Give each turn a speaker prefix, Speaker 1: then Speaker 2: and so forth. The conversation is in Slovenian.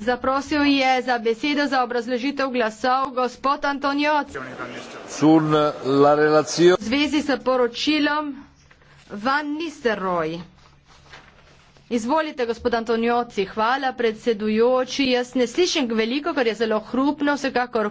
Speaker 1: Zaprosil je za besedo za obrazložitev glasov gospod Antonioc. Relacijo... V zvezi s poročilom Van Nisteroj. Izvolite, gospod Antonioci, hvala predsedujoči. Jaz ne slišim
Speaker 2: veliko, ker je zelo hrupno, vsekakor.